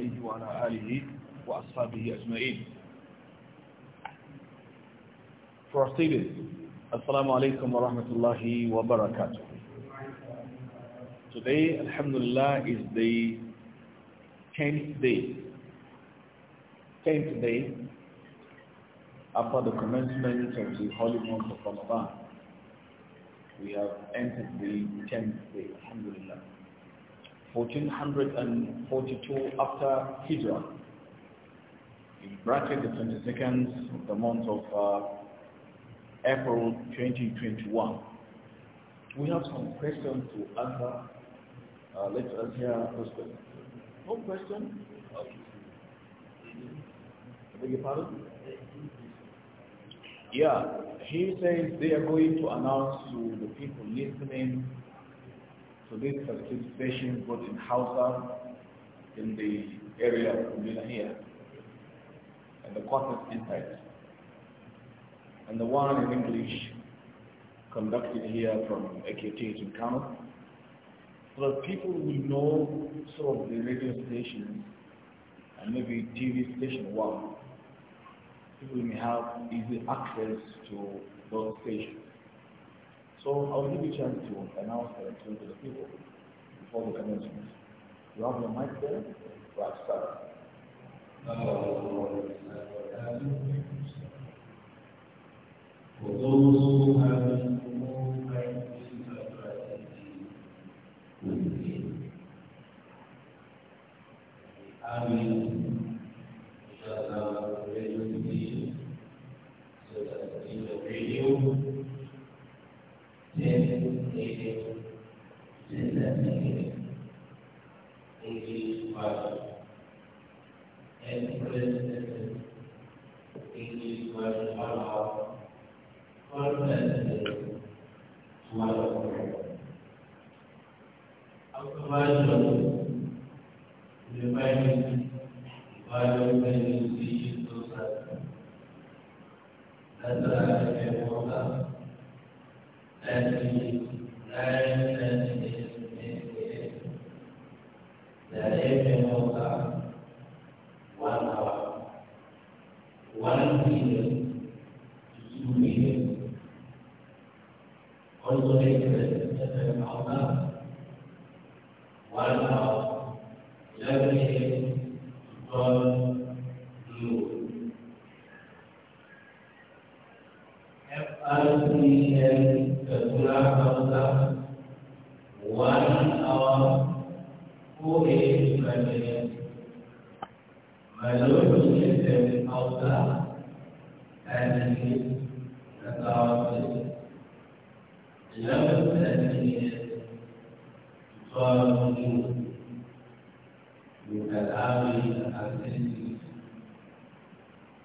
عليه وعلى آله وأصحابه أجمعين Assalamu alaikum wa rahmatullahi wa barakatuh. Today, Alhamdulillah, is the 10th day. 10th day after the commencement of the holy month of Ramadan. We have entered the 10th day, Alhamdulillah. 1442 after Hijrah. In bracket the 22nd of the month of uh, April 2021. We have some questions to answer. Uh, let us hear first No question? I beg your pardon? Yeah, he says they are going to announce to the people listening for this participation both in Hausa in the area of Medina here and the content inside, and the one in English conducted here from AKT in Kano so that people will know some of the radio stations and maybe TV station one people may have easy access to those stations so I'll give you a chance to announce the to the people before the commencement. You have your mic there? Right, start. For those who have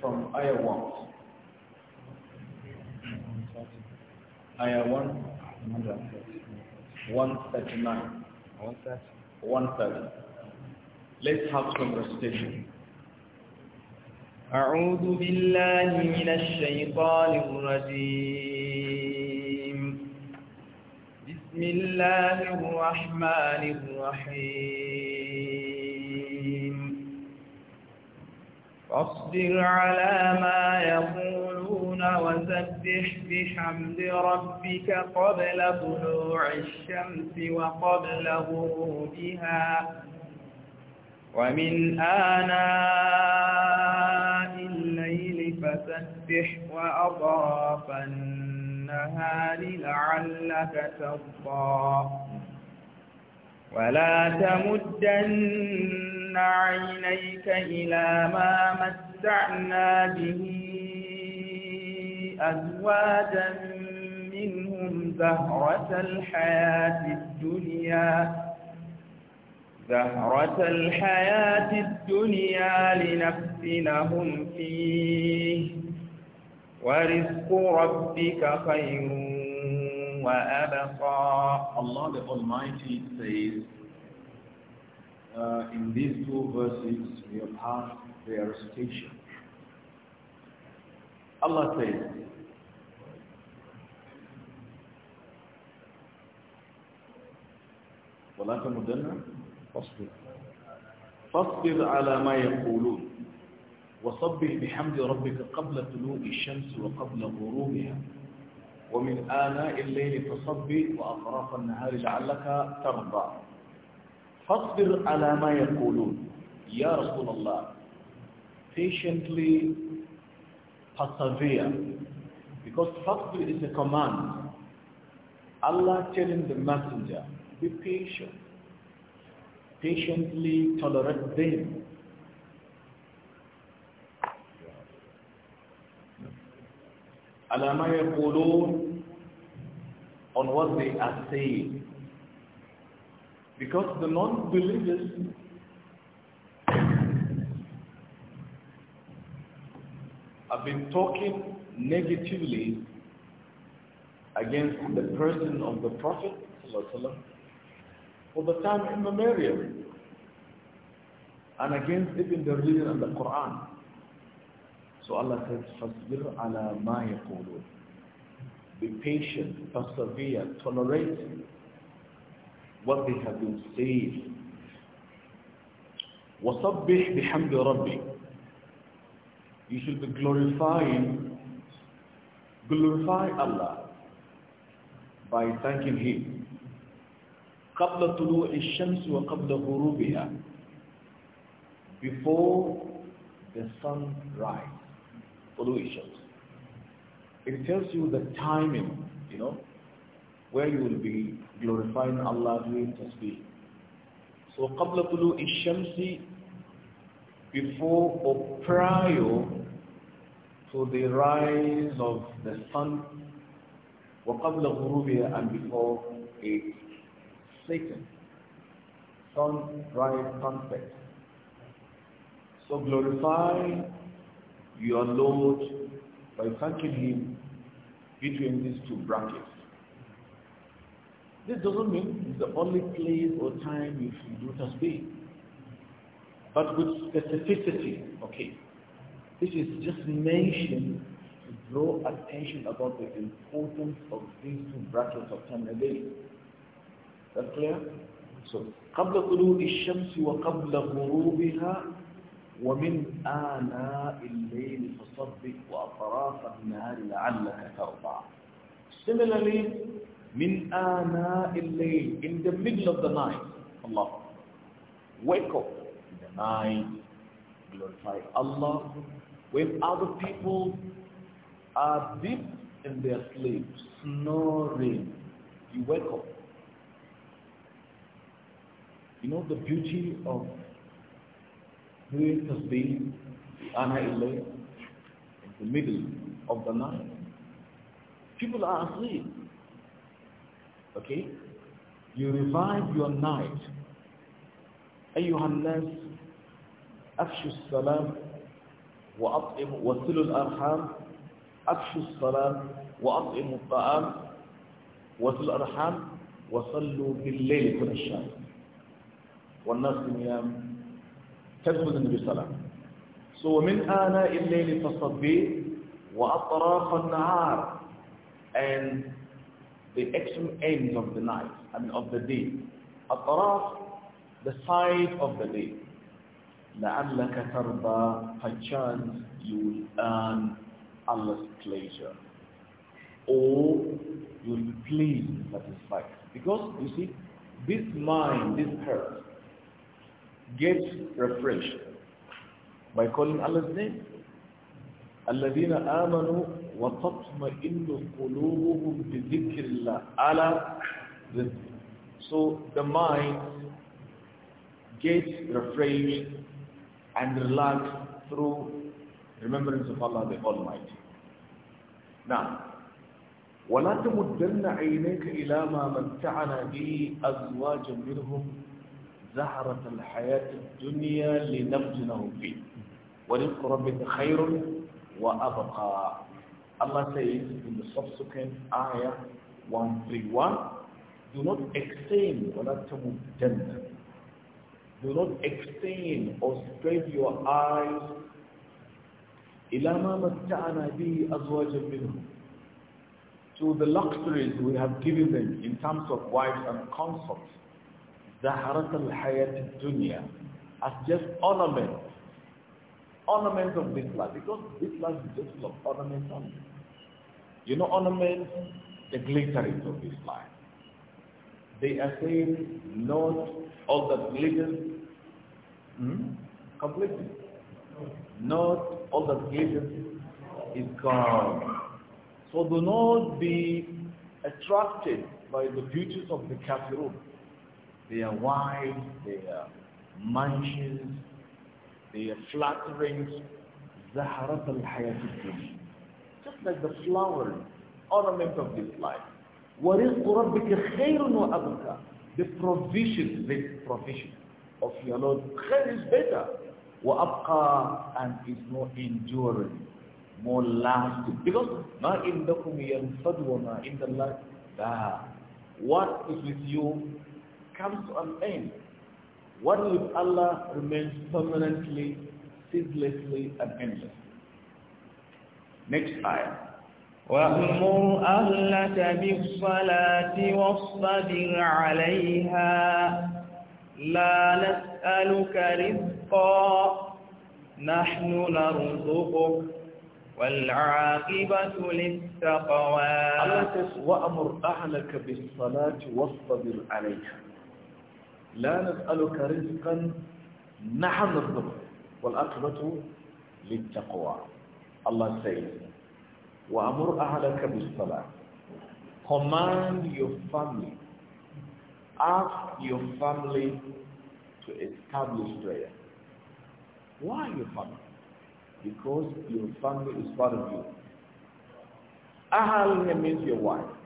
from ayah 1. Ayah 1, 139. 130. Let's have some recitation. أعوذ بالله من الشيطان الرجيم بسم الله الرحمن الرحيم فاصبر على ما يقولون وسبح بحمد ربك قبل طلوع الشمس وقبل غروبها ومن آناء الليل فسبح وأطراف النهار لعلك ترضى ولا تمدن متعنا عينيك إلى ما متعنا به أزواجا منهم زهرة الحياة الدنيا زهرة الحياة الدنيا لنفتنهم فيه ورزق ربك خير وأبقى Allah the Almighty says uh, in these two verses we have had their recitation. Allah says, ولا تمدن فاصبر فاصبر على ما يقولون وصبح بحمد ربك قبل طلوع الشمس وقبل غروبها ومن آناء الليل فصبي وأطراف النهار جعلك ترضى فاصبر على ما يقولون يا رسول الله patiently persevere because fasting is a command Allah telling the messenger be patient patiently tolerate them على ما يقولون on what they are saying because the non-believers have been talking negatively against the person of the Prophet for the time immemorial and against even the religion and the Quran. So Allah says, فَاصْبِرْ عَلَى مَا يَقُولُونَ Be patient, persevere, tolerate what they have been saying. وَصَبِّحْ بِحَمْدِ ربي. You should be glorifying, glorify Allah by thanking Him. قَبْلَ طُلُوعِ الشَّمْسِ وَقَبْلَ غُرُوبِهَا Before the sun rise, طُلُوعِ الشَّمْسِ It tells you the timing, you know, where you will be glorifying Allah doing tasbih. So قبل طلوع ishamsi, before or prior to the rise of the sun وقبل غروبها and before it Satan rise sunset so glorify your Lord by thanking him between these two brackets this doesn't mean it's the only place or time you should do tasbih. But with specificity, okay. This is just mentioned to draw attention about the importance of these two brackets of time a day. That clear? So, قبل طلوع الشمس وقبل غروبها ومن آناء الليل فصبح وأطراف النهار لعلك ترضى. Similarly, min ana illayl in the middle of the night Allah wake up in the night glorify Allah when other people are deep in their sleep snoring you wake up you know the beauty of doing tasbih ana illayl in the middle of the night people are asleep Okay? You revive your night. أيها الناس أفشوا السلام وأطعموا وصلوا الأرحام أفشوا السلام وأطعموا الطعام وصلوا الأرحام وصلوا بالليل كل الشهر والناس نيام تدخل النبي صلى الله عليه وسلم So ومن آناء الليل فصبي وأطراف النهار and the extreme ends of the night, I mean of the day. Ataraf, the side of the day. لَعَلَّكَ تَرْضَى Perchance you will earn Allah's pleasure. Or you will be pleased and satisfied. Because, you see, this mind, this heart, gets refreshed by calling Allah's name. الَّذِينَ آمَنُوا وَتَطْمَئِنُّ قُلُوبُهُمْ بِذِكْرِ اللَّهِ على ذكر So the mind gets refreshed and relaxed through remembrance of Allah the Almighty. Now, ولا تمدن عينيك إلى ما متعنا به أزواجا منهم زهرة الحياة الدنيا لنفجنهم فيه ورزق ربك خير وأبقى Allah says in the subsequent ayah 131, do not extend walatum jannah. Do not extend or spread your eyes إلى ما متعنا to the luxuries we have given them in terms of wives and consorts the زهرة الحياة dunya, as just ornament Ornaments of this life because this life is just full of ornaments only. You know ornaments, the glitterings of this life. They are saying not all that glitters hmm? completely. Not all that glitters is gone. So do not be attracted by the beauties of the kafirun. Their wives, their mansions, the are flattering Zaharat al-Hayatid Just like the flower, ornament of this life. وَرِزْقُ رَبِّكَ خَيْرٌ وَأَبْكَى The provision, the provision of your Lord, khair is better. وَأَبْقَى and is more enduring, more lasting. Because مَا إِنْدَكُمْ يَنْفَدْ وَمَا إِنْدَ اللَّهِ What is with you comes to an end. What with Allah remains permanently, ceaselessly and endless. Next ayah. وأمر أهلك بالصلاة واصطبر عليها لا نسألك رزقا نحن نرزقك والعاقبة للتقوى. Allah says وأمر أهلك بالصلاة واصطبر عليها. لا نسألك رزقا نحن نرزقك والأقبة للتقوى Allah says وَأَمُرْ أَهْلَكَ بِالصَّلَاةِ Command your family ask your family to establish prayer why your family? because your family is part of you Ahal means your wife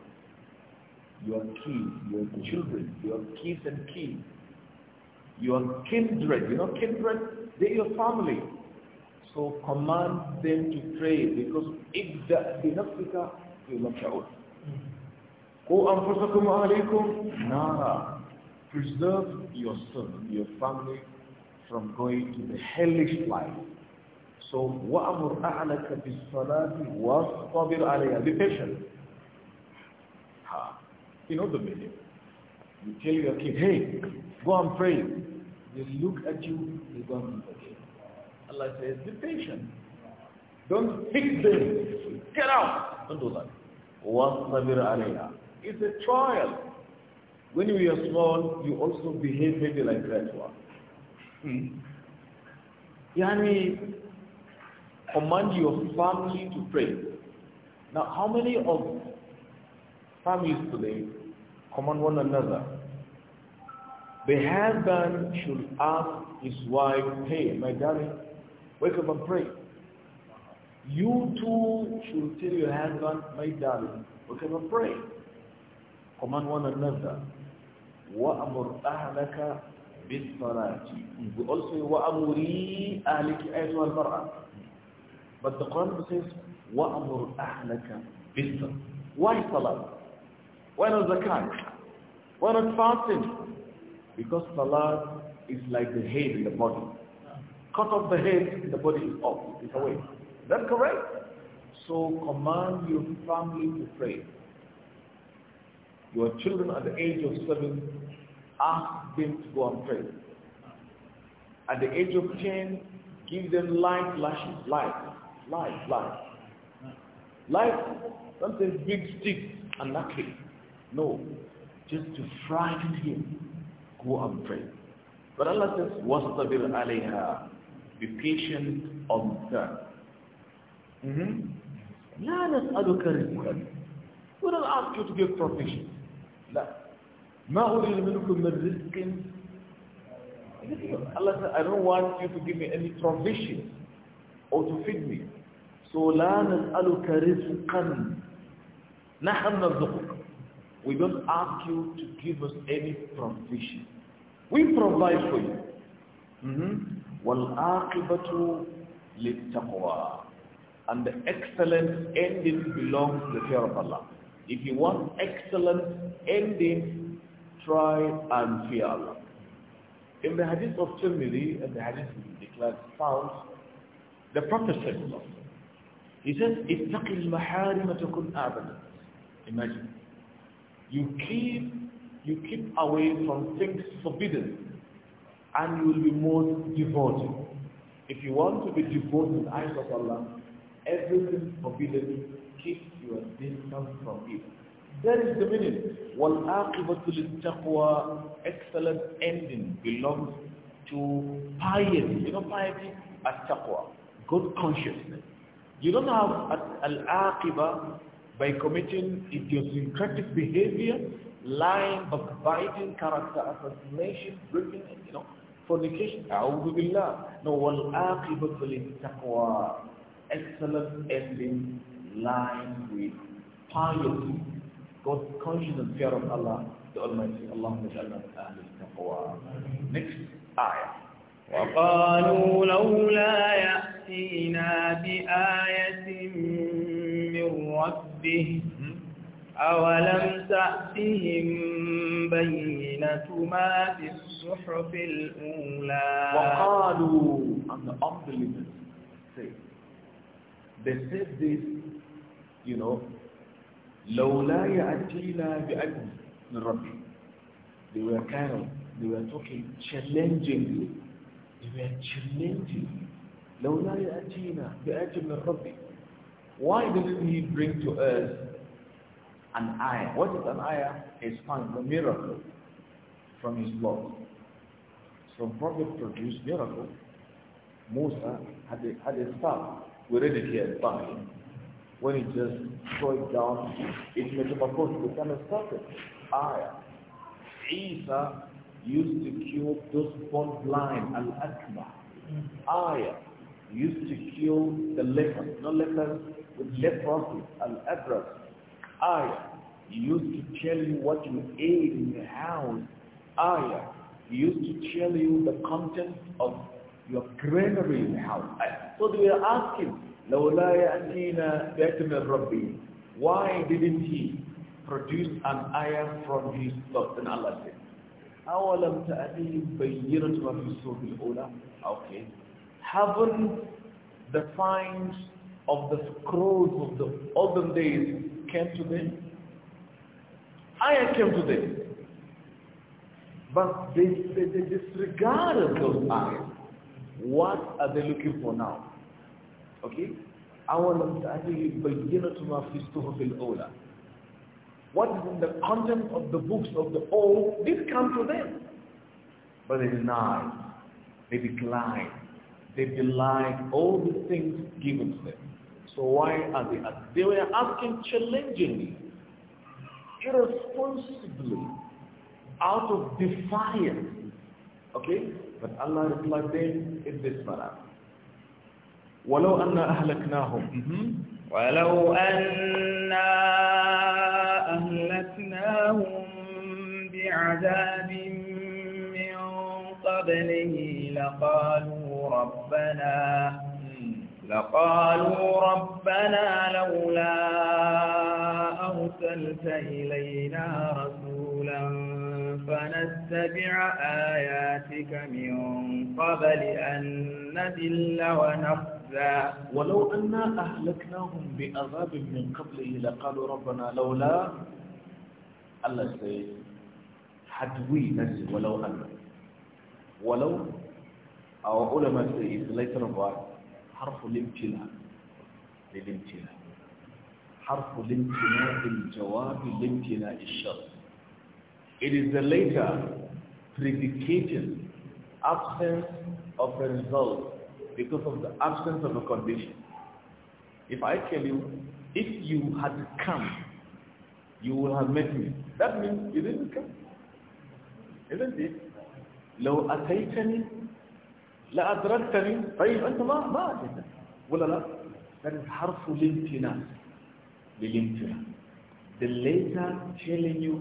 your kids, your children, your kids and kids your kindred, you know kindred, they're your family. So command them to pray because if the nafsika yulaka'ud. Qu anfusakum alaykum nara. Preserve yourself, your family from going to the hellish life. So وَأَمُرْ أَعْلَكَ بِالصَّلَاةِ وَاصْطَبِرْ alayya, Be patient. Ha. You know the meaning. You tell your kid, hey, Go and pray. They look at you, they go and pray. Allah says, be patient. Don't hit them. Get out. Don't do that. عَلَيْهَا It's a trial. When you are small, you also behave maybe like that one. Hmm. Yani, command your family to pray. Now, how many of families today command one another the husband should ask his wife, hey, my darling, wake up and pray. You too should tell your husband, my darling, wake up and pray. Command one another. وَأَمُرْ أَهْلَكَ بِالصَّلَاةِ We also say, وَأَمُرِي أَهْلِكِ أَيْتُهَا الْمَرْأَةِ But the Quran says, وَأَمُرْ أَهْلَكَ بِالصَّلَاةِ Why salah? Why not zakat? Why not fasting? Because salah is like the head in the body. Cut off the head, the body is off, it's away. Is that correct? So command your family to pray. Your children at the age of seven, ask them to go and pray. At the age of ten, give them light lashes, light, light, light. Light, something big stick and nothing. No, just to frighten him who and pray. But Allah says, وَاسْتَبِرْ alayha, Be patient on that. لَا نَسْأَلُكَ رِزْقًا We don't ask you to give provision. لا. مَا أُرِيدُ مِنْكُمْ مِنْ Allah said, I don't want you to give me any provision or to feed me. So لا نسألك رزقا نحن نرزقك. We don't ask you to give us any provision. We provide for you. وَالْآقِبَةُ mm-hmm. لِلتَّقْوَى And the excellent ending belongs to the fear of Allah. If you want excellent ending, try and fear Allah. In the hadith of Tirmidhi, and the hadith declared found, the Prophet said, he says, اتَّقِ الْمَحَارِمَ تَكُنْ آبَدًا Imagine, you keep you keep away from things forbidden and you will be more devoted. If you want to be devoted in the eyes of Allah, everything forbidden, keep your distance from it. That is the meaning. وَالْعَاقِبَةُ taqwa, Excellent ending belongs to piety. You know piety? At-taqwa. Good consciousness. You don't have al-aqiba by committing idiosyncratic behavior lying, backbiting, character assassination, breaking, you know, fornication. أعوذ بالله. No, والآقبة للتقوى. Excellent ending, lined with piety, God's conscience and fear of Allah, the Almighty. Allahumma ja'alna min ahli taqwa. Next ayah. وقالوا لولا يأتينا بآية من ربه أولم تأتهم بينة ما في الصحف الأولى وقالوا and the unbelievers say they said this you know لولا يأتينا بأجل من ربي they were kind of they were talking challenging they were challenging لولا يأتينا بأجل من ربي why didn't he bring to us an ayah. What is an ayah? It's kind of a miracle from his blood. So Prophet produced miracle. Musa had a, had a staff. We read it here, but when he just threw it down, it metamorphosed, became a it. Ayah. Isa used to cure those born blind, al-akma. Ayah used to cure the lepers, not lepers, with leprosy, al-abras, Ayah used to tell you what you ate in your house. Ayah used to tell you the content of your granary in the house. So they were asking, لَوْلَا يَأْتِينَا بَيْتَ مِنْ Why didn't he produce an ayah from his thoughts? And Allah said, أَوَلَمْ تَأْتِهِمْ بَيِّنَةُ وَفِي الْأُولَى Okay. Haven't the signs of the scrolls of the olden days came today? I came today. But they, they, they disregarded those eyes. What are they looking for now? Okay? أولا تأتيه to ما في الصحف الأولى What is in the content of the books of the old did come to them. But they denied, they declined, they belied all the things given to them. So why are they asking? They were asking challengingly, irresponsibly, out of defiance. Okay? But Allah replied them in this manner. ولو أن أهلكناهم ولو أنا أهلكناهم بعذاب من قبله لقالوا ربنا لقالوا ربنا لولا أرسلت إلينا رسولا فنتبع آياتك من قبل أن نذل ونخزى ولو أنا أهلكناهم بأذاب من قبله لقالوا ربنا لولا الله سيد حدوي we ولو أنا ولو أو علماء سيد ليس later حرف الامتناع للامتناع حرف الامتناع الشرط It is the later predicated absence of a result because of the absence of a condition. If I tell you, if you had come, you would have met me. That means you didn't come. Isn't it? لو أتيتني لا أدركتني طيب أنت ما ما أدركت ولا لا that is حرف الامتناع للامتناع the later telling you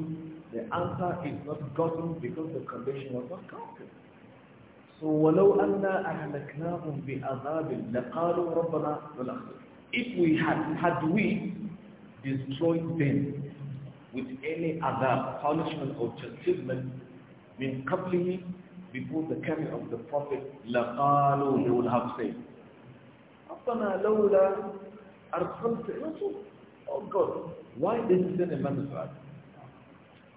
the answer is not gotten because the condition was not counted so ولو أن أهلكناهم بأذاب لقالوا ربنا والأخذ if we had had we destroyed them with any other punishment or chastisement من قبله before the coming of the Prophet, they He would have said, رَبَّنَا لَوْلَا أَرْسَلْتَ Oh God, why did you send a messenger?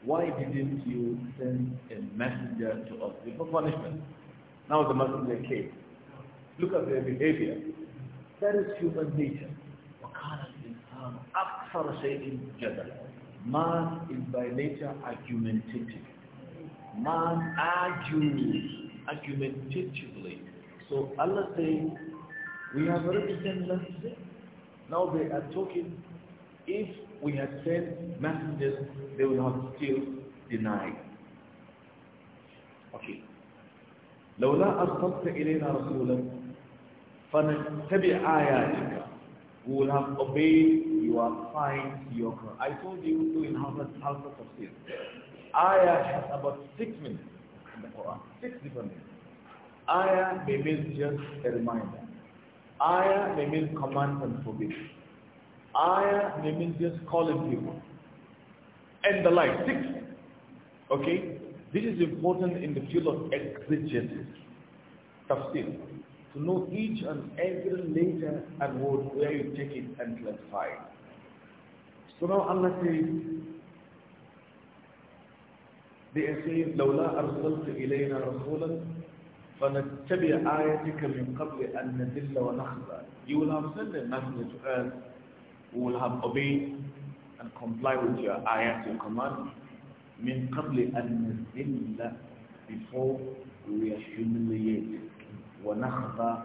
Why didn't you send a messenger to us before punishment? Now the messenger came. Look at their behavior. That is human nature. وَكَانَ الْإِنسَانُ أَكْثَرَ شَيْءٍ جَدَلًا Man is by nature argumentative man argues argumentatively. So Allah says, we have already sent messengers. Now they are talking. If we had sent messengers, they would have still denied. Okay. لولا أرسلت إلينا رسولا فنتبع آياتك We will have obeyed your signs, your I told you to two and a half, half of sin ayah has about six minutes in the Quran, six different minutes. Ayah may mean just a reminder. Ayah may mean command and forbidden. Ayah may mean just calling people. And the like, six. Okay? This is important in the field of exegesis, tafsir, to know each and every letter and word where you take it and classify it. So now Allah says, لو لولا أرسلت إلينا رسولا فنتبع آياتك من قبل أن نذل ونخزى You will have sent a messenger to us who will have obeyed and complied with your ayat, your command من قبل أن نذل before we are humiliated ونخزى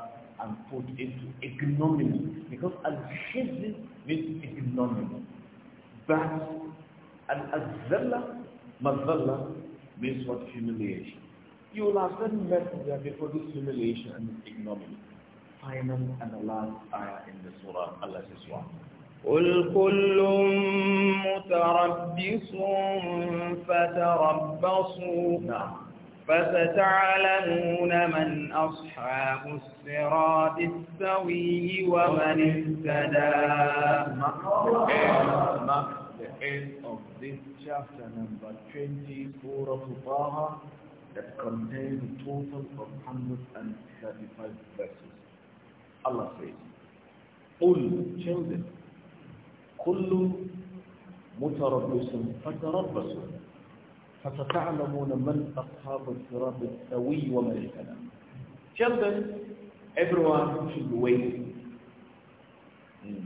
and put into ignominy because al-shizl means ignominy but al-azzallah Mazalla means what? Humiliation. You will have sent that before this humiliation and ignominy. Final and the last ayah in the surah, Allah says what? قل كل متربص فتربصوا فستعلمون من أصحاب الصراط السوي ومن اهتدى end of this chapter number 24 of Taha that contains a total of 135 verses. Allah says, قُلْ children, كُلُّ متربص فتربصوا فستعلمون من أصحاب الصراط السوي ومن اهتدى. Children, everyone should be waiting. Hmm.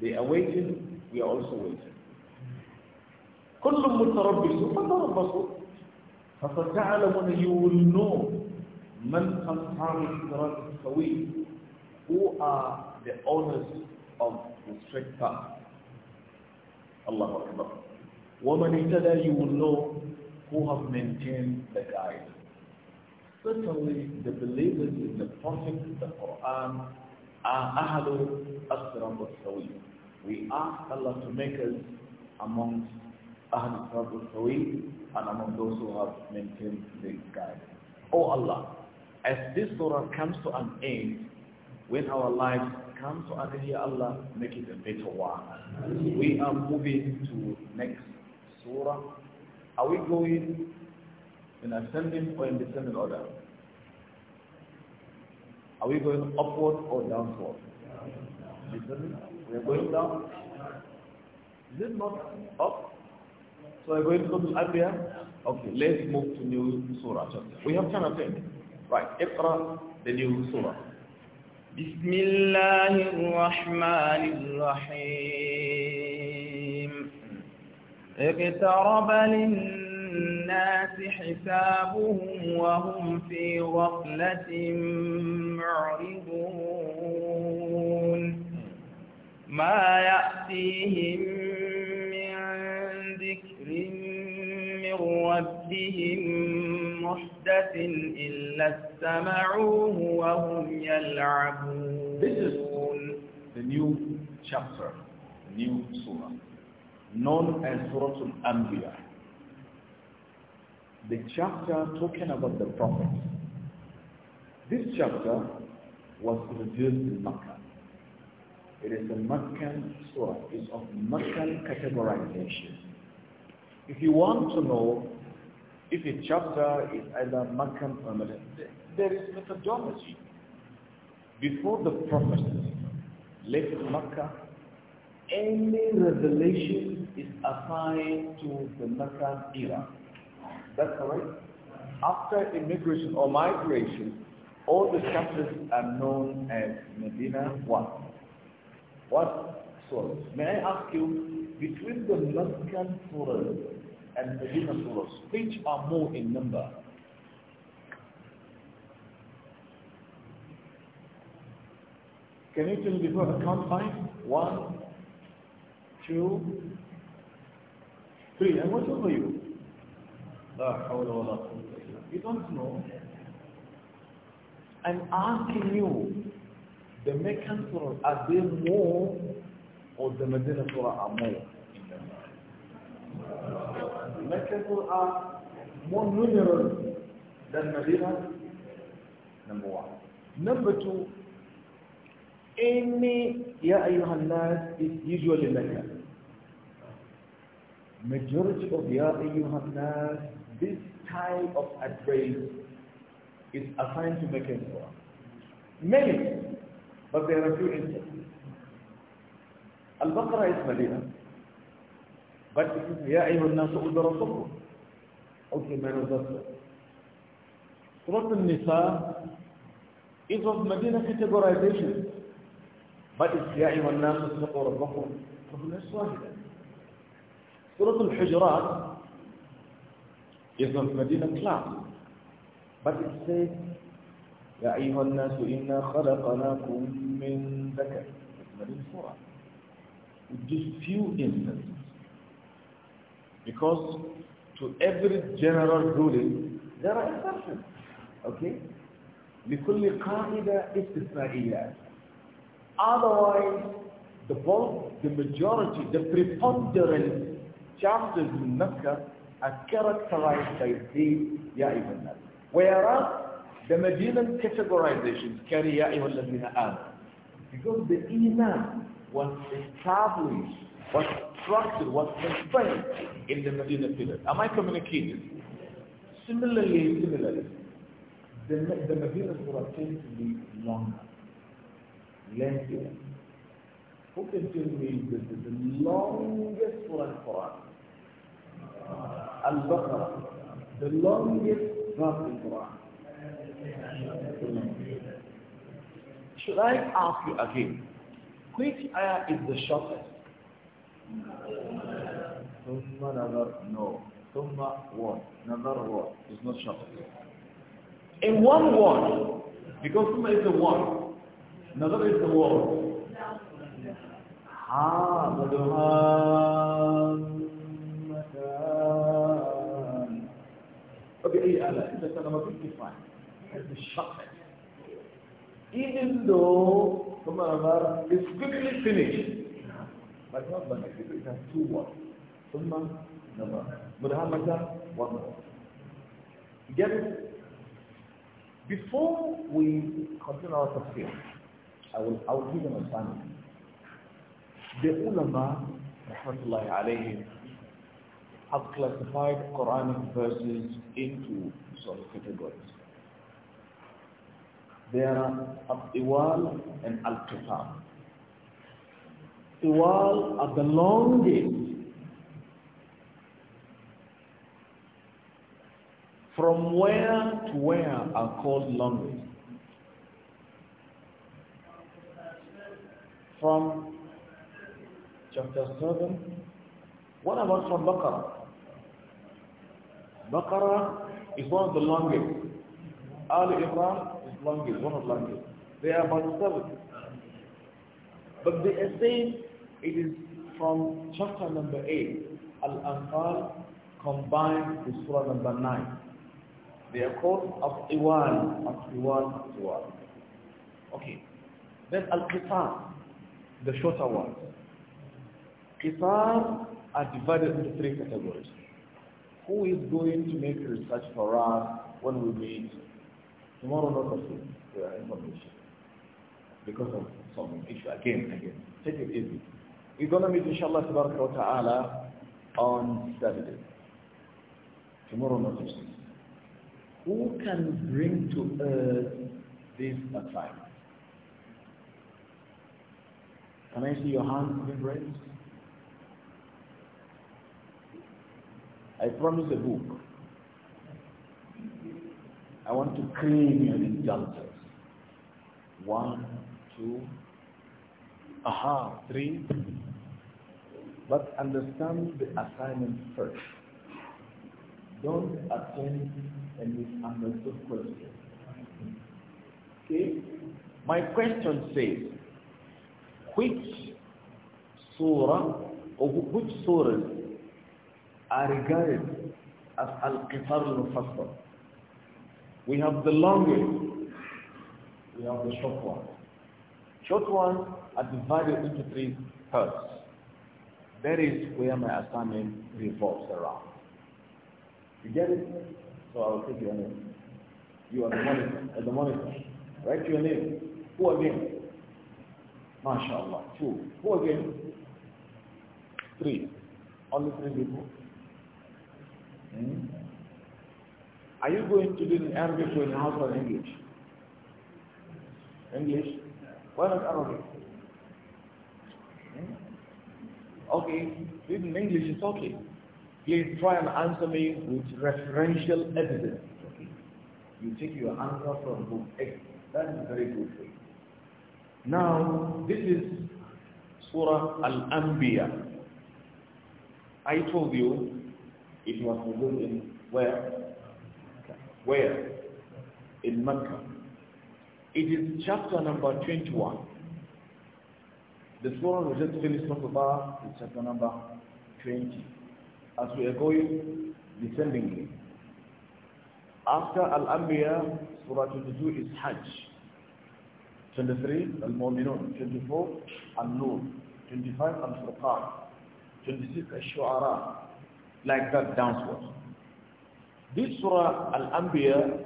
They are waiting we are also waiting. كل متربص فتربصوا فستعلمون you will know من أصحاب الصراط السوي who are the owners of the straight path. Allah Akbar. ومن اهتدى you will know who have maintained the guide. Certainly the believers in the Prophet, the Quran, are أهل الصراط السوي. We ask Allah to make us amongst Ahlul Sabr Sawi and among those who have maintained the guidance. O oh Allah, as this surah comes to an end, when our lives come to an end, Allah, make it a better one. We are moving to next surah. Are we going in ascending or in descending order? Are we going upward or downward? Descending? We're going down. Is it not up? So we're going to go to Anbiya? Okay, let's move to new surah We have 10 of 10. Right, Iqra, the new surah. Bismillahirrahmanirrahim. الله اقترب للناس حسابهم وهم في غفلة معرضون ما يأتيهم من ذكر من ربهم محدث إلا استمعوه وهم يلعبون This is the new chapter, new surah, known as Surah Al-Anbiya. The chapter talking about the prophets. This chapter was introduced in Makkah. It is a Meccan surah. It's of Meccan categorization. If you want to know if a chapter is either Meccan or Medina, there is methodology. Before the Prophet left Mecca, any revelation is assigned to the Meccan era. That's correct? After immigration or migration, all the chapters are known as Medina 1. What surahs? May I ask you, between the Meccan surahs and Medina surahs, which are more in number? Can you tell me before I count five? One, two, three. And what's over you? You don't know. I'm asking you, the Meccan surah, are they more or the Medina surah are more? The Meccan surah are more numerous than Medina, number one. Number two, any Ya Ayyuhan Nas is usually Mecca. Majority of Ya Ayyuhan Nas, this type of address is assigned to Meccan surah. Many فبيرجعوا عندك البقرة اسم لها بل يا أيها الناس أدر ربكم أو كما نذكر سورة النساء is of Medina categorization but it's يا أيها الناس اتقوا ربكم فهنا واحدة سورة الحجرات is of Medina class but it says يا أيها الناس إنا خلقناكم من ذكر من الفرع just few instances because to every general ruling there are exceptions okay لكل قاعدة استثنائية otherwise the bulk the majority the preponderant chapters in Mecca are characterized by these يا أيها الناس whereas The Medinan categorizations carry Ya Ayyuhalladina Because the Iman was established, was structured, was constrained in the Medina period. Am I communicating? Similarly, similarly, the, the Medina were tends to be longer, lengthier. Who can tell me this is the longest Quran for us? Al-Baqarah. The longest verse in Quran. Should I ask you again, which ayah is the shortest? Summa nazar no. Summa one. nazar one is not shortest. In one word, because Summa is the one, nazar is the word. Okay, eh, Allah, that's number 55 shocked. Even though Umar is quickly finished, but not by it has two words. Umma, Nama. Murhamata, one more. You get it? Before we continue our tafsir, I will, I will give an example. The ulama, rahmatullahi alayhim, have classified Quranic verses into some categories. There are Al-Iwal and Al-Qisar. Iwal are the longest From where to where are called longest? From chapter 7. What about from Baqarah? Baqarah is one of the longest. Al Imran language, one of language. They are about seven. But they are saying it is from chapter number 8, Al-Anfal combined with surah number 9. They are called Al iwan Al iwan Af-Iwan. Okay. Then Al-Qitar, the shorter one. Qitar are divided into three categories. Who is going to make research for us when we meet Tomorrow, not proceed to information because of some issue. Again, again, take it easy. We're going to meet, inshallah, subhanahu wa ta'ala on Saturday. Tomorrow, not proceed. Who can bring to earth this assignment? Can I see your hands being raised? I promise a book. I want to claim your indulgence. One, two, aha, three. But understand the assignment first. Don't attend a misunderstood question. Okay? My question says, which surah or which surahs are regarded as al-qisar al-mufassal? We have the long We have the short one. Short ones are divided into three parts. That is where my assignment revolves around. You get it? So I'll take your name. You are the monitor. As the monitor. Write your name. Who again? MashaAllah. Two. Who again? Three. Only three people. Hmm? Are you going to do it in Arabic or in House or English? English? Why not Arabic? Hmm? Okay, even English is okay. Please try and answer me with referential evidence. Okay? You take your answer from book A. That is very good for you. Now, this is Surah Al-Anbiya. I told you it was revealed in where? Where? In Mecca. It is chapter number 21. The surah we just finished talking about is chapter number 20. As we are going descendingly. After Al-Anbiya, surah 22 is Hajj. 23, Al-Mu'minun. 24, Al-Nur. 25, Al-Furqan. 26, Al-Shu'ara. Like that downwards. This Surah Al-Anbiya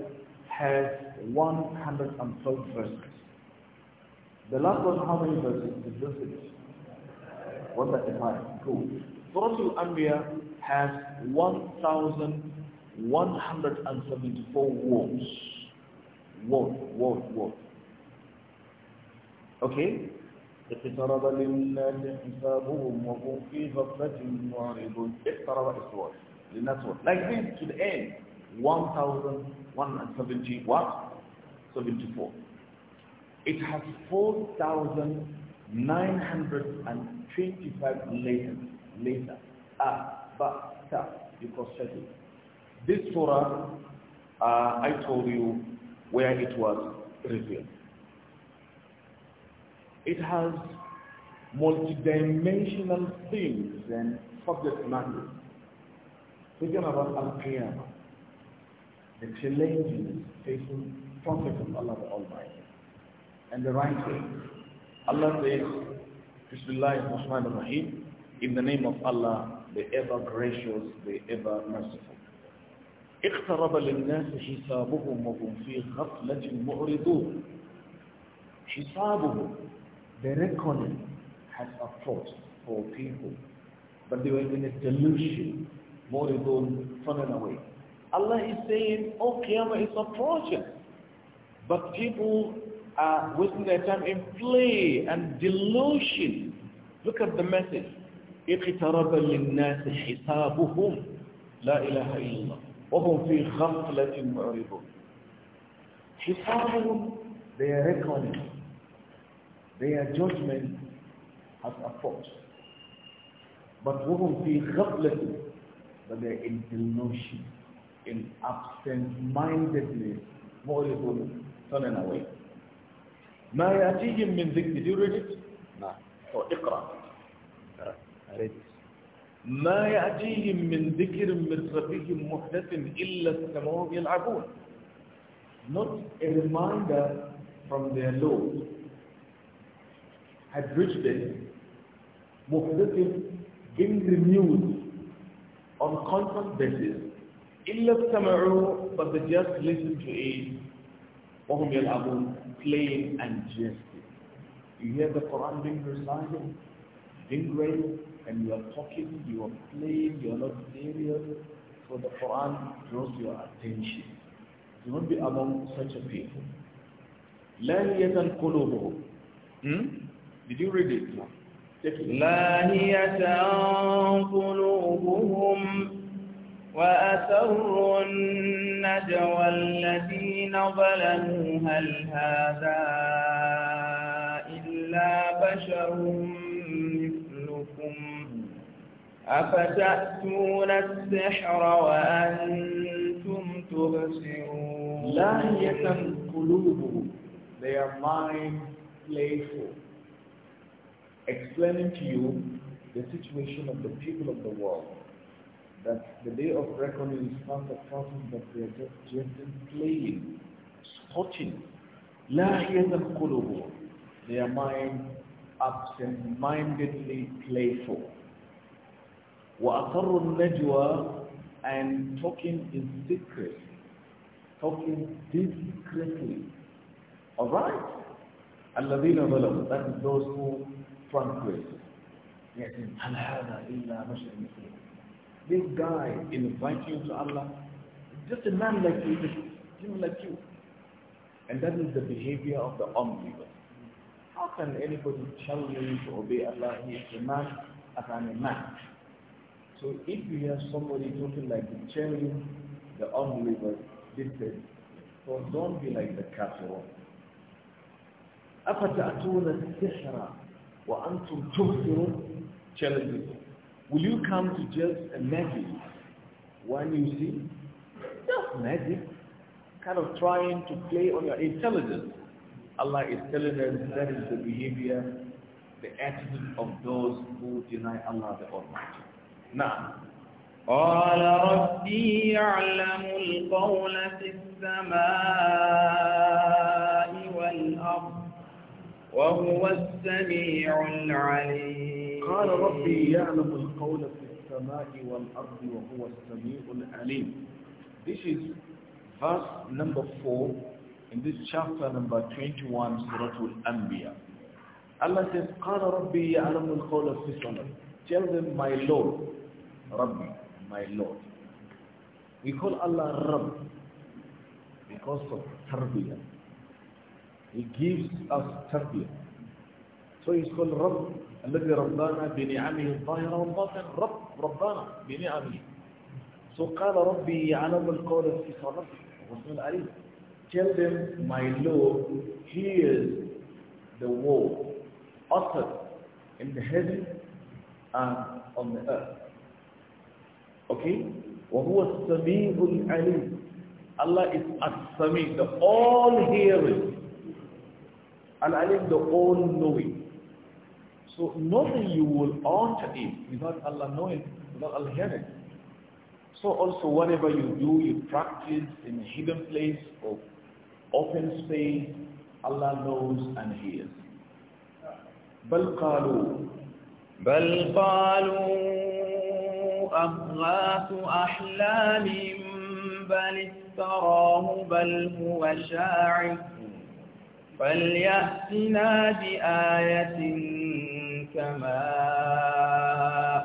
has 112 verses. The last one, how many verses is this? 135. Cool. Surah Al-Anbiya has 1,174 words. Word, word, word. Okay? اقترب للناس حسابهم وهم في غفلة معرضون اقترب like this to the end 1170 what 74 it has 4925 liters. later ah but because this surah uh, I told you where it was revealed it has multidimensional things and subject matters Speaking about Al-Qiyamah, the challenges facing prophets of Allah the Almighty and the right righteous. Allah says, Bismillah ar-Rahman ar-Rahim, in the name of Allah, the ever gracious, the ever merciful. اقترب للناس حسابهم وهم في غفلة معرضون حسابهم the reckoning has approached for people but they were in a delusion Muridun, turning away. Allah is saying, oh, Qiyamah is approaching. But people are wasting their time in play and delusion. Look at the message. اقترب للناس حسابهم لا إله إلا الله وهم في غفلة معرضون حسابهم their reckoning their judgment has approached but وهم في غفلة but they're in delusion, in absent-mindedness, volleyball, turning away. ما يأتيهم من ذكر Did you read it? No. So oh, اقرأ. Uh, I read it. ما يأتيهم من ذكر من ربهم محدث إلا استمعوا يلعبون. Not a reminder from their Lord had reached them. محدث the news on constant basis. إِلَّا سَمَعُوا But they just listen to it. وَهُمْ يَلْعَبُونَ Playing and jesting. You hear the Quran being recited, being read, and you are talking, you are playing, you are not serious. So the Quran draws your attention. Do not be among such a people. لَا يَتَنْ قُلُوبُهُمْ hmm? Did you read it? لاهية قلوبهم وأسروا النجوى الذين ظلموا هل هذا إلا بشر مثلكم أفتأتون السحر وأنتم تبصرون لاهية قلوبهم Their mind playful explaining to you the situation of the people of the world. That the day of reckoning is not a process that they are just gently playing, sporting. Their mind absent-mindedly playful. وَأَقَرُّ النَّجْوَى And talking in secret, talking discreetly. Alright? الَّذِينَ ظَلَمُوا That is those who front place. Yes, this guy invites you to Allah. Just a man like you, just like you. And that is the behavior of the unbeliever. How can anybody tell you to obey Allah? He is a man as I'm a man. So if you hear somebody talking like the cherub, the unbeliever, this is. So don't be like the cattle." أفتأتون السحر وَأَنْتُمْ تُبْصِرُونَ Challenge people. Will you come to just a magic when you see? Just magic. Kind of trying to play on your intelligence. Allah is telling us that is the behavior, the attitude of those who deny Allah the Almighty. Now, قال ربي يعلم القول في السماء وهو السميع العليم قال ربي يعلم القول في السماء والأرض وهو السميع العليم This is verse number 4 in this chapter number 21 Surah Al-Anbiya. Allah says, قال ربي يعلم القول في السماء Tell them, my Lord, Rabbi, my Lord. We call Allah Rabb because of tarbiyah. He gives us tarbiyah. So he's called Rabb, الذي ربانا بنعمه الظاهرة والباطن رب ربانا بنعمه. So قال ربي يعلم القول في صدري وسمع العليم. Tell them my Lord He is the word uttered in the heaven and on the earth. Okay? وهو السميع العليم. Allah is as the all-hearing. Allah alim the all-knowing. So nothing you will utter is it without Allah knowing, without Allah hearing. So also whatever you do, you practice in a hidden place or open space, Allah knows and hears. بل قالوا بل قالوا أغاث أحلام بل افتراه بل هو شاعر فليأتنا بآية كما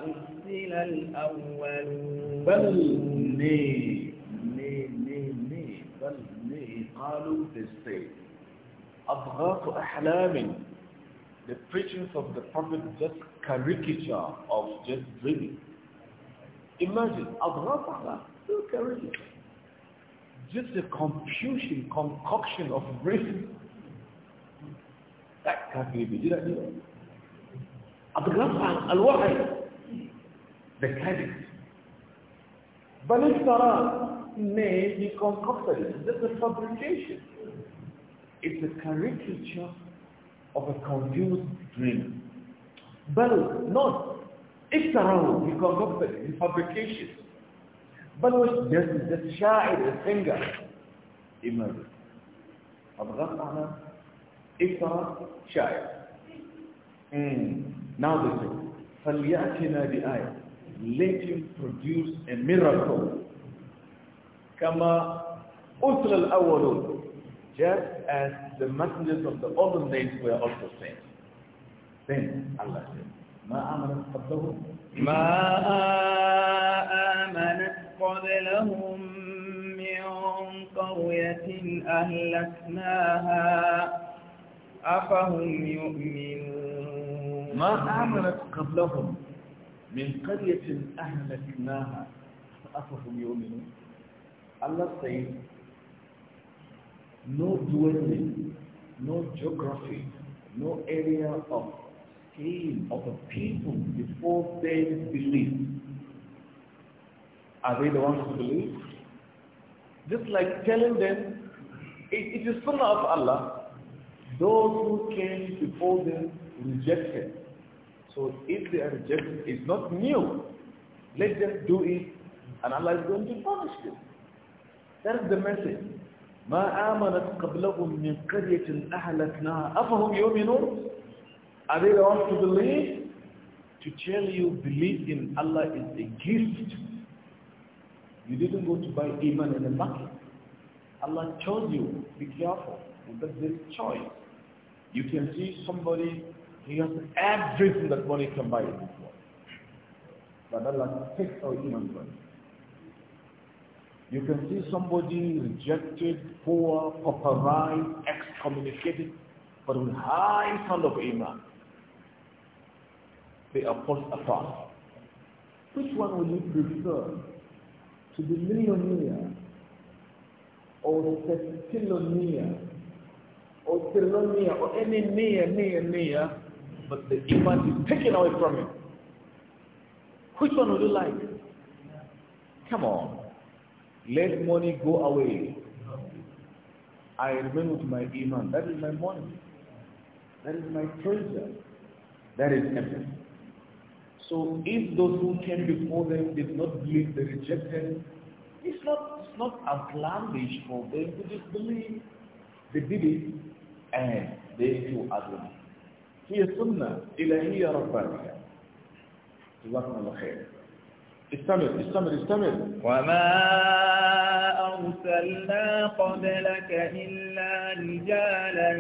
أرسل الْأَوَّلُ بل ليه ليه ليه ليه بل ليه قالوا they say أضغاث أحلام the preachings of the prophet just caricature of just dreaming imagine أضغاث أحلام still caricature just a confusion concoction of dreams that can't be did that deal. الغفع الوعي the habit but الافتراء may be concocted it's just a fabrication it's a caricature of a confused dream but not افتراء he concocted the fabrication but was just the شاعر the singer emerged اقرأ شاعر hmm. Now they say, فَلْيَأْتِنَا بِآيَةٍ Let him produce a miracle. كَمَا أُسْلَ الْأَوَّلُونَ Just as the messengers of the olden days were also sent. Then Allah said, مَا آمَنَتْ قَبْلَهُمْ مَا آمَنَتْ قَبْلَهُمْ مِنْ قَرْيَةٍ أَهْلَكْنَاهَا أفهم يؤمنون ما آمنت قبلهم من قرية أهلكناها أفهم يؤمنون Allah says no dwelling, no geography, no area of scheme of the people before they believe. Are they the ones who believe? Just like telling them, it, it is sunnah of Allah those who came before them rejected. So if they are rejected, it's not new. Let them do it and Allah is going to punish them. That is the message. ما آمنت قبلهم من قرية أهلكناها أفهم يؤمنون Are they the ones to believe? To tell you belief in Allah is a gift. You didn't go to buy iman in the market. Allah told you, be careful. And that's the choice. You can see somebody, he has everything that money can buy in this world. But Allah takes our human life. You can see somebody rejected, poor, pauperized, excommunicated, but with high sound of iman. They are pulled apart. Which one would you prefer? To be millionaire or septillionaire or or any near, near, near, but the iman is taken away from him. Which one would you like? Come on. Let money go away. I remain with my iman. That is my money. That is my treasure. That is heaven. So if those who came before them did not believe, they rejected, it's not, it's not outlandish for them to just believe. They did it and they too هي سنة إلهية ربانية جزاكم الله خير استمر استمر استمر وما أرسلنا قبلك إلا رجالا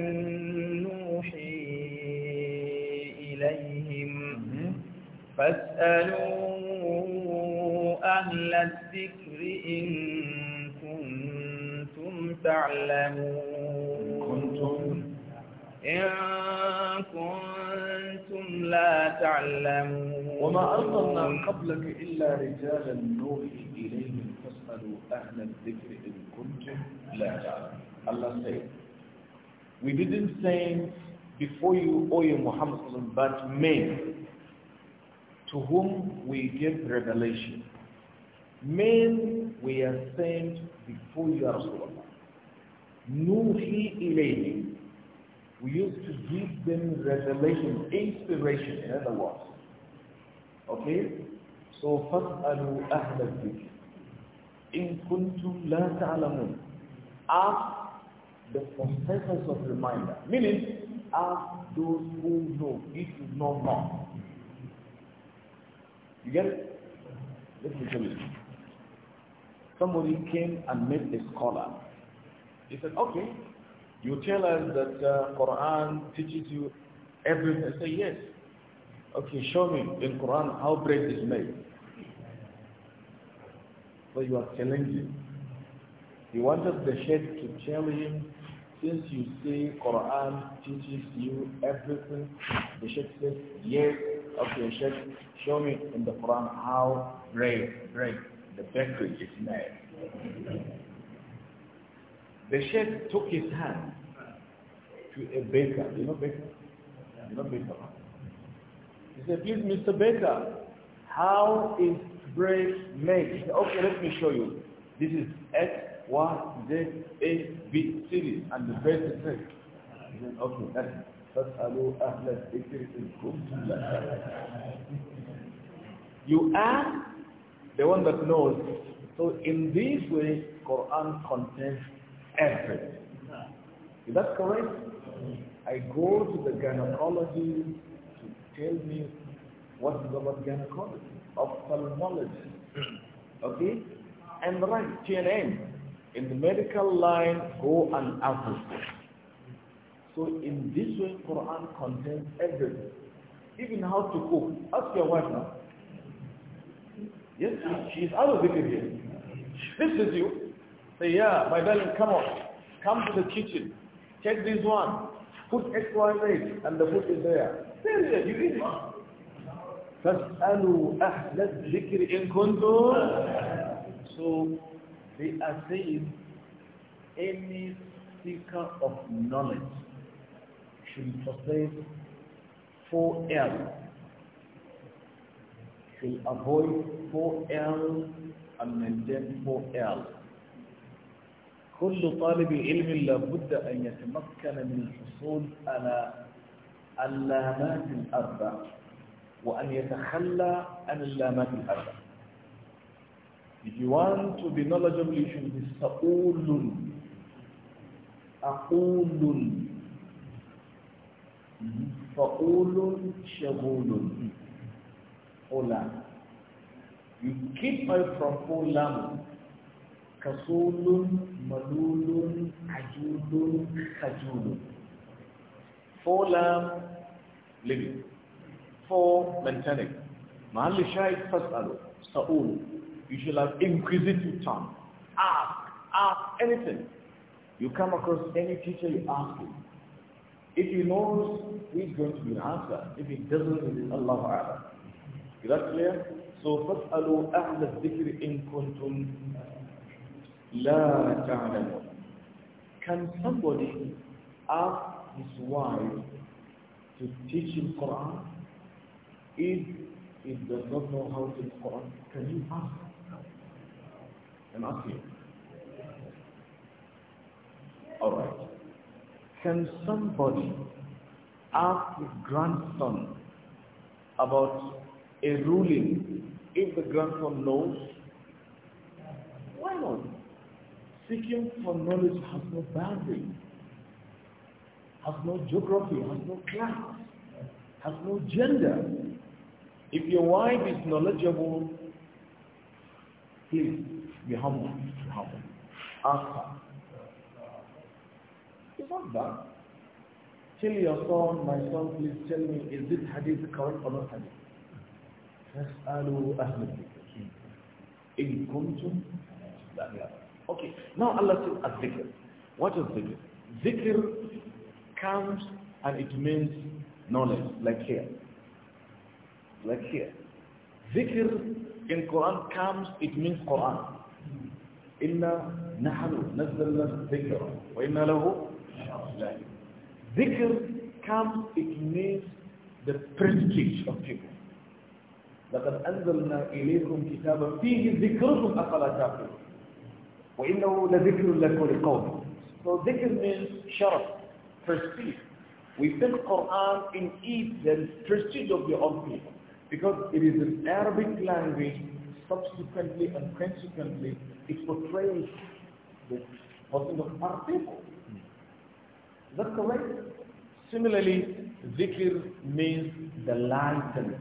نوحي إليهم فاسألوا أهل الذكر إن كنتم تعلمون إن كنتم لا تعلمون وما أرسلنا قبلك إلا رجالا نوحي إليهم فاسألوا أهل الذكر إن كنتم لا تعلمون الله سيد We didn't send before you, O oh, Muhammad, but men to whom we give revelation. Men we are sent before you, Rasulullah. Nuhi ilayhim. We used to give them revelation, inspiration, in other words. Okay? So, فَاسْأَلُوا أَهْلَ الذِّكْرِ إِن كُنْتُمْ لَا تَعْلَمُونَ Ask the possessors of reminder. Meaning, ask those who know if you know not. You get it? Let me tell you. Somebody came and met a scholar. He said, okay, you tell us that uh, Quran teaches you everything. I say, yes. Okay, show me in Quran how bread is made. So you are challenging. He wanted the sheikh to tell him, since you say Quran teaches you everything, the sheikh says, yes. Okay, sheikh, show me in the Quran how bread, bread, the bakery is made. The sheikh took his hand to a baker. You know baker? You know baker? He said, please, Mr. Baker, how is bread made? Said, okay, let me show you. This is X, Y, Z, A, B series. And the bread is this. He said, okay, that's it. You ask the one that knows. So in this way, Quran contains effort. Is that correct? I go to the gynecologist to tell me what is about gynecology, ophthalmology, okay? And right, TNM, in the medical line, go and ask. So in this way, Quran contains everything. Even how to cook. Ask your wife now. Yes, she is out of the here. This is you. Say, yeah, my darling, come on. Come to the kitchen. Take this one. Put X, Y, Z, and the food is there. Seriously, you eat it. فَاسْأَلُوا أَهْلَ الذِّكْرِ إِن كُنْتُمْ So, they are saying any seeker of knowledge should possess four L. Should avoid four L and maintain four L. كل طالب علم لابد أن يتمكن من الحصول على اللامات الأربع وأن يتخلى عن اللامات الأربع. If you want to be knowledgeable, you should be سؤول أقول فقول شغول أولا. You keep away from full kasulun, malulun, ajulun, kajulun. Four lam, living. Four maintaining. Mahali shahid fasalu, sa'ul. You should have inquisitive tongue. Ask, ask anything. You come across any teacher, you ask him. If he knows, he's going to be an answer. If he doesn't, it is Allah Ta'ala. Is that clear? So, فَاسْأَلُوا أَهْلَ الذِّكْرِ إِن كُنْتُمْ لا تعلم Can somebody ask his wife to teach him Quran if he does not know how to Quran? Can you ask? I'm asking. All right. Can somebody ask his grandson about a ruling if the grandson knows? Why not? Seeking for knowledge has no boundary, has no geography, has no class, has no gender. If your wife is knowledgeable, please be humble, be humble. Ask her. It's not bad. Tell your son, my son, please tell me, is this hadith correct or not hadith? فاسألوا أهل الذكر إن كنتم لا Okay, now Allah says zikr. What is dhikr? Dhikr comes and it means knowledge, like here. Like here. Dhikr in Quran comes, it means Quran. Inna نَحْنُ نَزَّلْنَا zikr. وَإِنَّا لَهُ لَهِ Dhikr comes, it means the prestige of people. لَقَدْ أَنزَلْنَا إِلَيْكُمْ كِتَابًا فِيهِ ذِكْرُكُمْ أَفَلَا تَعْقِلُونَ وَإِنَّهُ لَذِكْرٌ لَكُمْ لِقَوْمِ So dhikr means sharaf, prestige. We think Quran in it, the prestige of the old people. Because it is an Arabic language, subsequently and consequently, it portrays the person of our people. Is that correct? Similarly, dhikr means the license.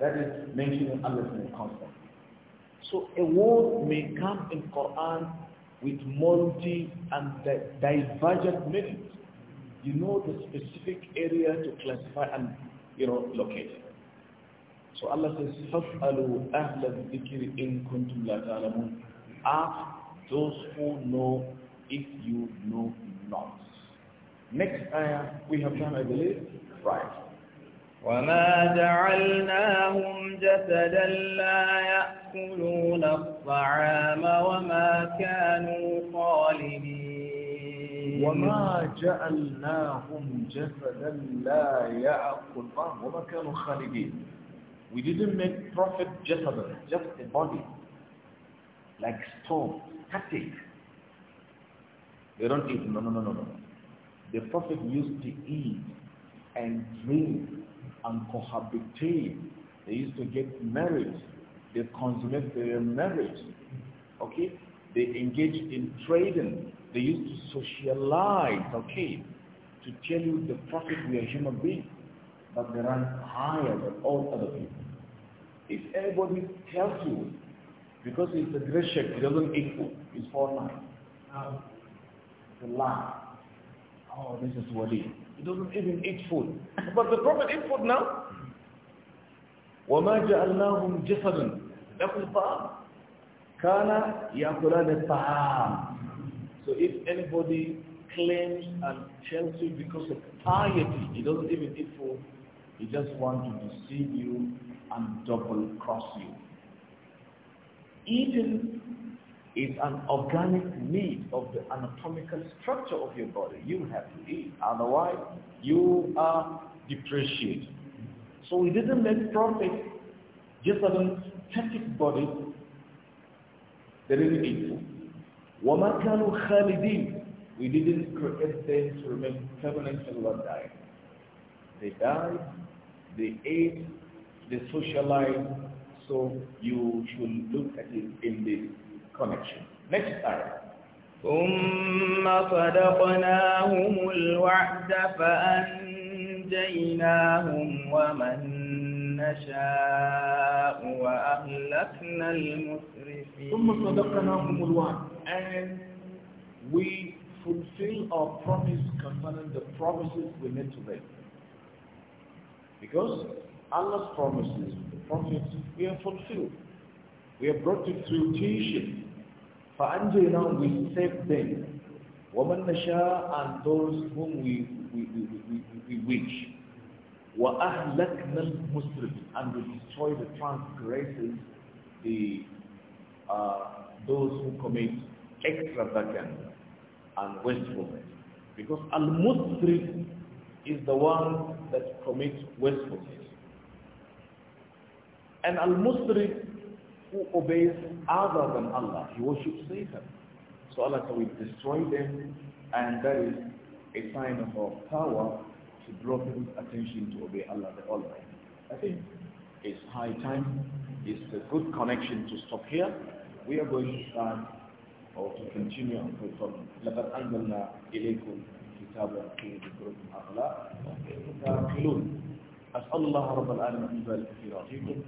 That is mentioned in Allah's name constantly. So a word may come in Quran with multi and divergent meanings. You know the specific area to classify and you know locate it. So Allah says, فَاسْأَلُوا أَهْلَ Ask those who know if you know not. Next ayah, we have time, I believe. Right. وما جعلناهم جسدا لا يأكلون الطعام وما كانوا خالدين وما جعلناهم جسدا لا يأكل الطعام وما كانوا خالدين We didn't make prophet جسدا just a body like stone, static. They don't eat. No, no, no, no, no. The prophet used to eat and drink and cohabitate. They used to get married. They consummate their marriage. Okay? They engage in trading. They used to socialize. Okay? To tell you the Prophet, we are human beings, but they run higher than all other people. If everybody tells you, because it's a great shape, it doesn't equal, oh. it's four nine. Um, the lie. Oh, this is what it is. He doesn't even eat food. But the Prophet eat food now. وَمَا جَعَلْنَاهُمْ كَانَ So if anybody claims and tells you because of piety, he doesn't even eat food, he just wants to deceive you and double cross you. Eating it's an organic need of the anatomical structure of your body. You have to eat. Otherwise, you are depreciated. So we didn't make profit just an static body. They didn't eat وَمَا كَانُوا خَالِدِينَ We didn't create them to remain permanent in Lord died. They died, they ate, they socialized. So you should look at it in this connection. Next time. ثم صدقناهم الوعد فأنجيناهم ومن نشاء وأهلكنا المسرفين ثم صدقناهم الوعد and we fulfill our promise concerning the promises we made to them. Because Allah's promises, the prophets, we have fulfilled. We have brought it to tuition. فَأَنْجَيْنَا We save them. وَمَنْ نَشَاءَ And those whom we, we, we, we, we wish. وَأَهْلَكْنَا الْمُسْرِفِينَ And we destroy the transgressors, the, uh, those who commit extravagance and wastefulness. Because al-musrif is the one that commits wastefulness. And al-musrif who obeys other than Allah. He worships Satan. So Allah will destroy them and that is a sign of our power to draw people's attention to obey Allah the Almighty. I think it's high time, it's a good connection to stop here. We are going to start or to continue on from لَقَدْ أَنْزَلْنَا إِلَيْكُمْ كِتَابًا فِيهِ ذِكْرُكُمْ أَخْلَاقًا تَعْقِلُونَ أسأل الله رب العالمين أن يبارك في رأيكم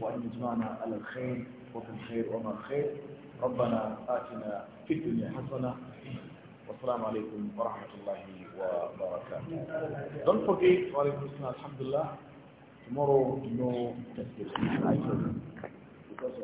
وأن يجمعنا على الخير وفي الخير وما الخير ربنا آتنا في الدنيا حسنة والسلام عليكم ورحمة الله وبركاته Don't forget, وعليكم السلام الحمد لله tomorrow no testing.